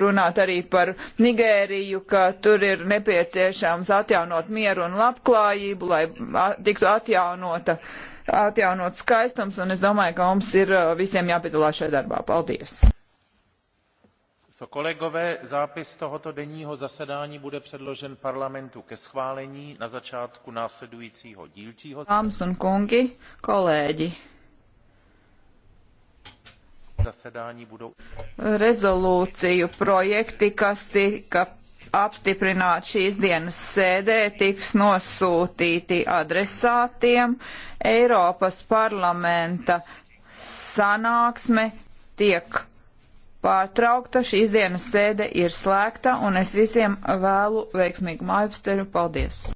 runāt arī par Nigēriju, ka tur ir nepieciešams atjaunot mieru un labklājību, lai tiktu atjaunota, atjaunot skaistums, un es domāju, ka mums ir visiem jāpiedalās šajā darbā. Paldies! So, kolegové, zápis tohoto denního zasedání bude předložen parlamentu ke schválení na začátku následujícího dílčího. Dámy a kungi, kolēģi. Rezolūciju projekti, kas tika apstiprināti šīs dienas sēdē, tiks nosūtīti adresātiem. Eiropas parlamenta sanāksme tiek pārtraukta, šīs dienas sēde ir slēgta, un es visiem vēlu veiksmīgu mājupasteļu. Paldies!